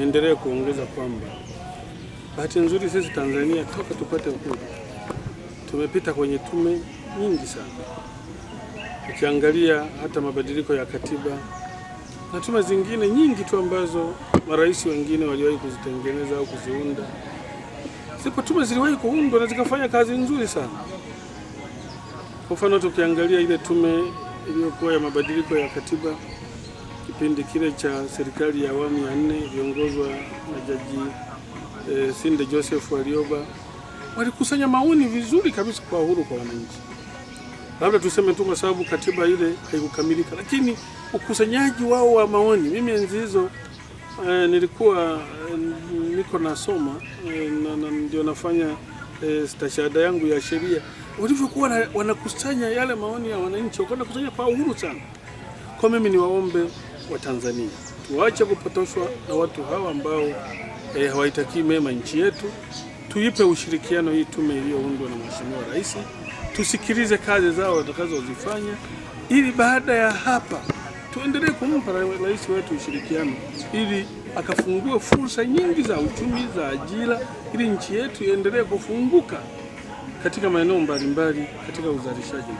niendelee kuongeza kwamba bahati nzuri sisi Tanzania toka tupate uhuru tumepita kwenye tume nyingi sana, ukiangalia hata mabadiliko ya katiba na tume zingine nyingi tu ambazo marais wengine waliwahi kuzitengeneza au kuziunda. Zipo tume ziliwahi kuundwa na zikafanya kazi nzuri sana. Kwa mfano tukiangalia ile tume iliyokuwa ya mabadiliko ya katiba kipindi kile cha serikali ya awamu ya nne iliongozwa na Jaji e, eh, Sinde Joseph Warioba walikusanya maoni vizuri kabisa kwa uhuru kwa wananchi. Labda tuseme tu kwa sababu katiba ile haikukamilika, lakini ukusanyaji wao wa maoni, mimi enzi hizo e, eh, nilikuwa eh, niko nasoma e, na, na, ndio nafanya e, stashahada yangu ya sheria. Walivyokuwa wanakusanya yale maoni ya wananchi, wakaenda kusanya kwa uhuru sana. Kwa mimi niwaombe wa Tanzania. Tuache kupotoshwa na watu hawa ambao eh, hawaitakii mema nchi yetu. Tuipe ushirikiano hii tume iliyoundwa na Mheshimiwa Rais, tusikilize kazi zao watakazozifanya, ili baada ya hapa tuendelee kumpa rais wetu ushirikiano ili akafungue fursa nyingi za uchumi za ajira, ili nchi yetu iendelee kufunguka katika maeneo mbalimbali katika uzalishaji.